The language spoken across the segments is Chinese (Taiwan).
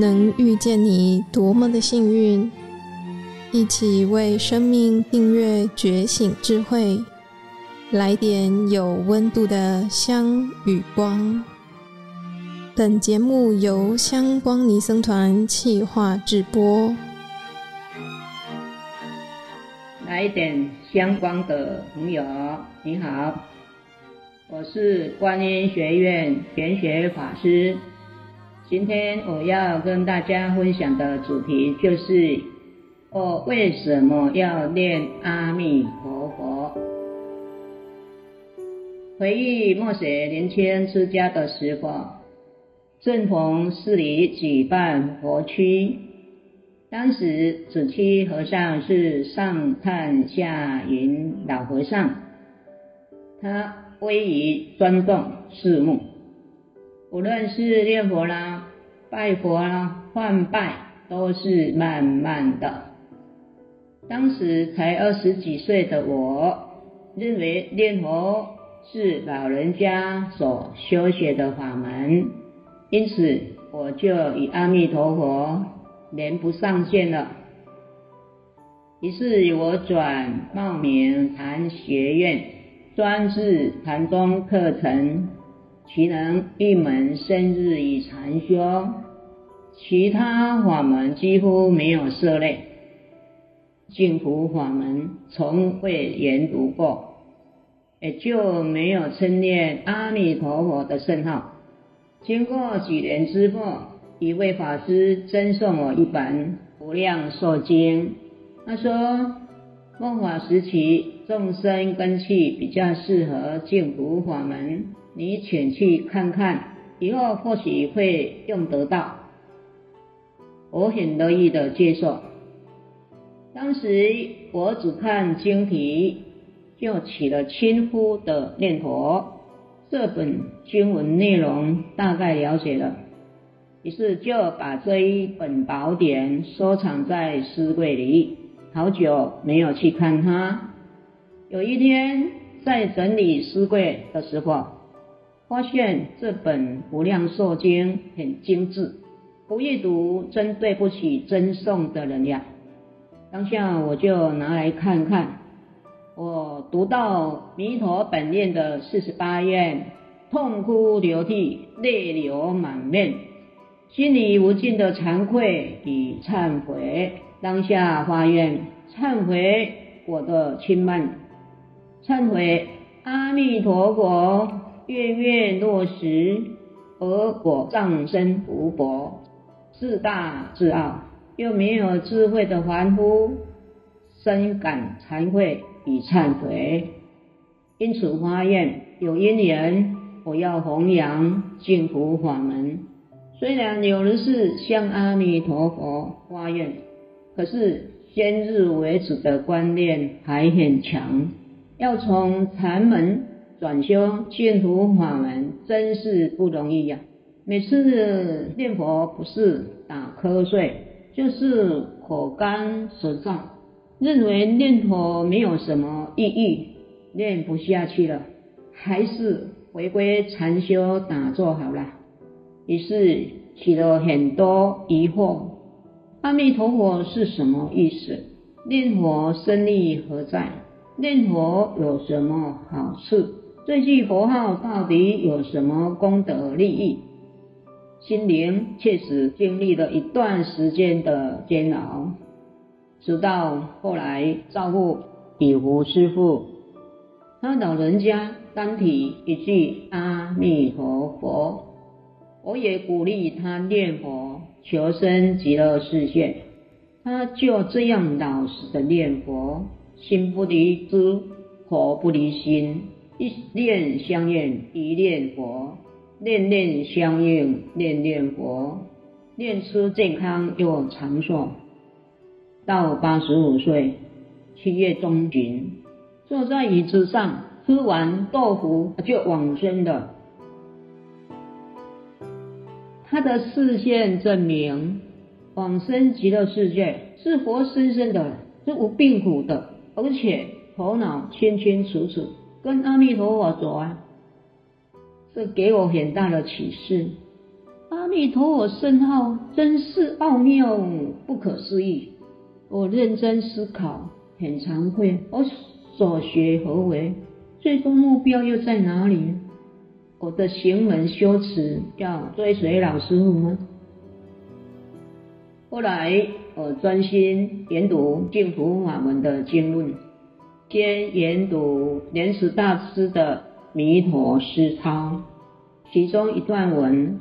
能遇見你多麼的幸運！一起為生命訂閱覺醒智慧，來點有溫度的香與光。本節目由香光尼僧團企劃制播。來點香光的朋友，你好，我是觀音學苑圓學法師。今天我要跟大家分享的主題就是，我、哦、為什麼要念阿彌陀佛？回憶末學年輕出家的時候，正逢寺裡舉辦佛七，當時主七和尚是上探下雲老和尚，他威儀莊重，肅穆。無論是念佛啦、拜佛啦、換拜，都是慢慢的。當時才二十幾歲的我，認為念佛是老人家所修學的法門，因此我就與阿彌陀佛連不上線了。於是我轉茂名禪學院，專事禪宗課程。其能一門深入以禪修，其他法門幾乎沒有涉獵。淨土法門從未研讀過，也就沒有稱念阿彌陀佛的聖號。經過幾年之後，一位法師贈送我一本《無量壽經》，他說：末法時期，眾生根器比較適合淨土法門。你請去看看，以後或許會用得到。我很樂意的接受。當時我只看經題，就起了輕忽的念頭。這本經文內容大概了解了，於是就把這一本寶典收藏在書櫃裡。好久沒有去看它。有一天在整理書櫃的時候，發現這本《無量壽經》很精致，不閱讀真對不起贈送的人呀。當下我就拿來看看，我讀到彌陀本願的四十八願，痛哭流涕，淚流滿面，心裡無盡的慚愧與懺悔。當下發願懺悔我的親們，懺悔阿彌陀佛。月月落實，而我障深福薄，自大自傲，又沒有智慧的凡夫，深感慚愧與懺悔。因此發願，有因緣我要弘揚淨土法門。雖然有人是向阿彌陀佛發願，可是先入為主的觀念還很強，要從禪門。轉修淨土法門真是不容易呀、啊！每次念佛不是打瞌睡，就是口乾舌燥，認為念佛沒有什麼意義，念不下去了，還是回歸禪修打坐好了。於是起了很多疑惑：阿彌陀佛是什麼意思？念佛深意何在？念佛有什麼好處？這句佛號到底有什麼功德利益？心靈確實經歷了一段時間的煎熬，直到後來照顧李福師父，他老人家單提一句阿彌陀佛，佛，我也鼓勵他念佛求生極樂世界，他就這樣老實的念佛，心不離茲，口不離心。一念相應一念佛，念念相應念念佛，念出健康又長壽。到八十五歲七月中旬，坐在椅子上吃完豆腐就往生的。他的示現證明往生極樂世界是活生生的，是無病苦的，而且頭腦清清楚楚。跟阿彌陀佛走啊！這給我很大的啟示。阿彌陀佛聖號真是奧妙不可思議。我認真思考，很慚愧，我所學何為？最終目標又在哪裡？我的行門修持要追隨老師傅嗎？後來我專心研讀淨土法門的經論。先研讀蓮池大師的《彌陀疏鈔》，其中一段文：“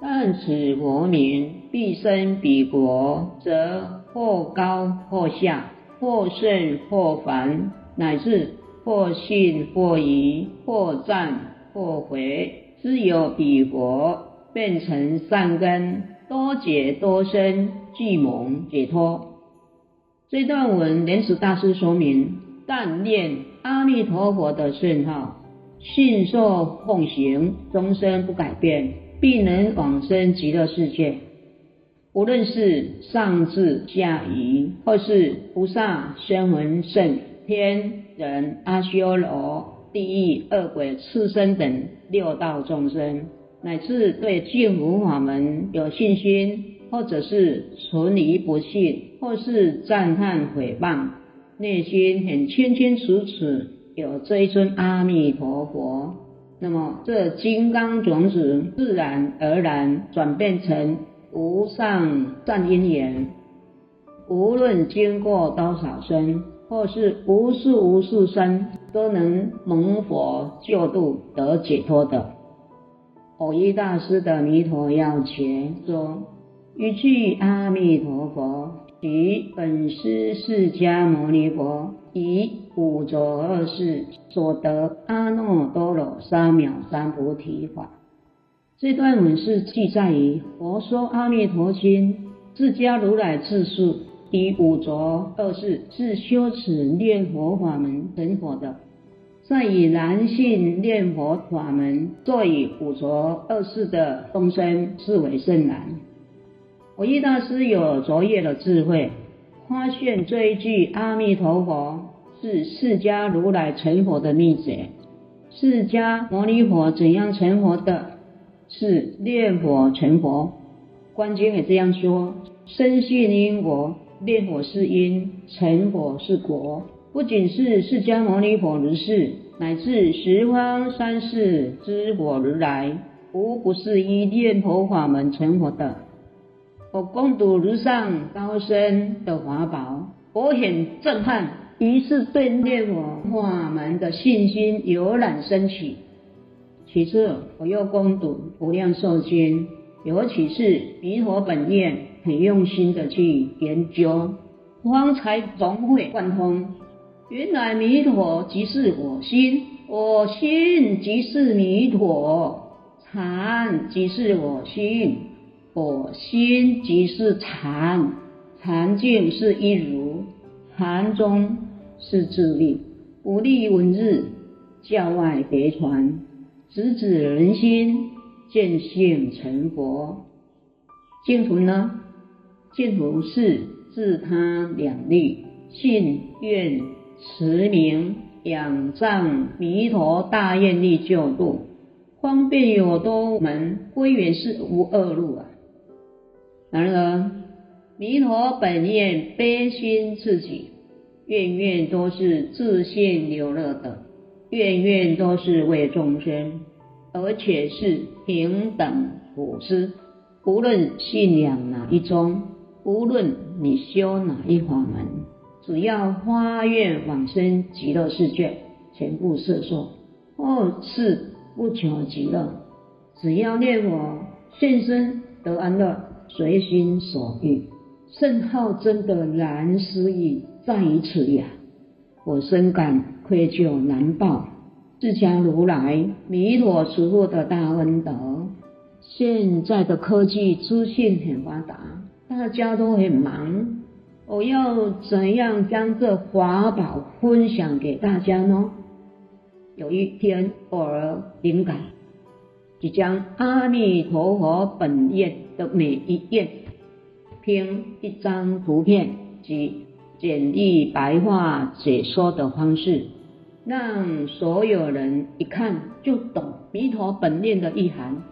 但此佛名，必生彼國，則或高或下，或聖或凡，乃至或信或疑，或讚或毀，自有彼國變成善根，多劫多生，俱蒙解脫。”這段文蓮池大師說明。但念阿彌陀佛的聖號，信受奉行，終身不改變，必能往生極樂世界。無論是上智下愚，或是菩薩、聲聞、聖、天、人、阿修羅、地獄、惡鬼、畜生等六道眾生，乃至對淨土法門有信心，或者是存疑不信，或是讚歎毀謗。內心很清清楚楚有這一尊阿彌陀佛，那麼這金剛種子自然而然轉變成無上善因緣，無論經過多少生，或是無數無數生，都能蒙佛救度得解脫的。蕅益大師的彌陀要訣說：“一句阿彌陀佛。”以本師釋迦牟尼佛以五濁惡世所得阿耨多羅三藐三菩提法，這段文字記載於《佛說阿彌陀經》，釋迦如來自述以五濁惡世是修持念佛法門成佛的，再以難信念佛法門作以五濁惡世的眾生視為甚難。我一大師有卓越的智慧，發現這一句“阿彌陀佛”是釋迦如來成佛的秘訣。釋迦牟尼佛怎樣成佛的？是念佛成佛。觀經也這樣說：深信因果，念佛是因，成佛是果。不僅是釋迦牟尼佛如是，乃至十方三世諸佛如來，無不是依念佛法門成佛的。我攻讀如上高深的法寶，我很震撼，於是對煉我化門的信心油然升起。其次，我又攻讀無量壽經，尤其是彌陀本願，很用心的去研究，方才總會貫通。原來彌陀即是我心，我心即是彌陀，禪即是我心。我心即是禪，禪境是一如，禪宗是自力，不立文字，教外別傳，直指人心，見性成佛。淨土呢？淨土是自他兩利，信願持名，仰仗彌陀大願力救度，方便有多門，歸元是無二路啊。然而，彌陀本願悲心自己，願願都是自現極樂的，願願都是為眾生，而且是平等無私，無論信仰哪一宗，無論你修哪一法門，只要發願往生極樂世界，全部攝受，或是不求極樂，只要念佛現生得安樂。隨心所欲，甚好，真的難思議，在於此呀！我深感愧疚難報釋迦如來、彌陀師父的大恩德。現在的科技資訊很發達，大家都很忙，我要怎樣將這法寶分享給大家呢？有一天，偶爾靈感。即將《阿彌陀佛本願》的每一願，拼一張圖片及簡易白話解說的方式，讓所有人一看就懂《彌陀本願》的意涵。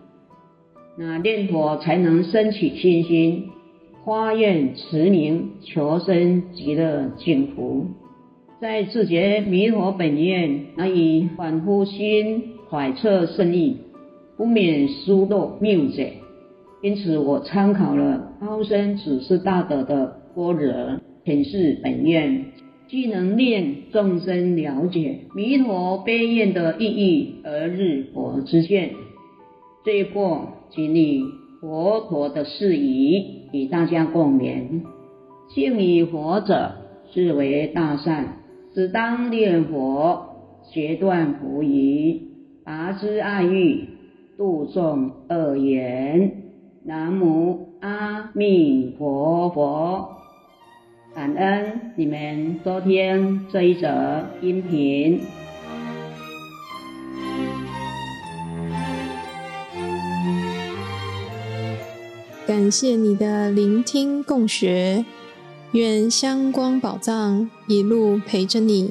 那念佛才能生起信心，發願持名求生極樂淨土，在自覺彌陀本願，難以凡夫心揣測聖意。不免疏漏謬解，因此我參考了高僧祖師大德的《般若淺釋本願》，既能令眾生了解彌陀悲願的意義而日佛之見，最後，謹以佛陀的釋疑與大家共勉。敬於佛者是為大善，是當念佛，決斷狐疑，拔之愛欲。注重惡緣，南無阿彌陀佛，佛。感恩你們收聽這一則音頻，感謝你的聆聽共學，願香光寶藏一路陪着你，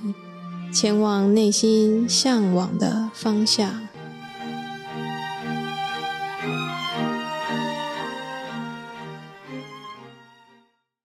前往內心向往的方向。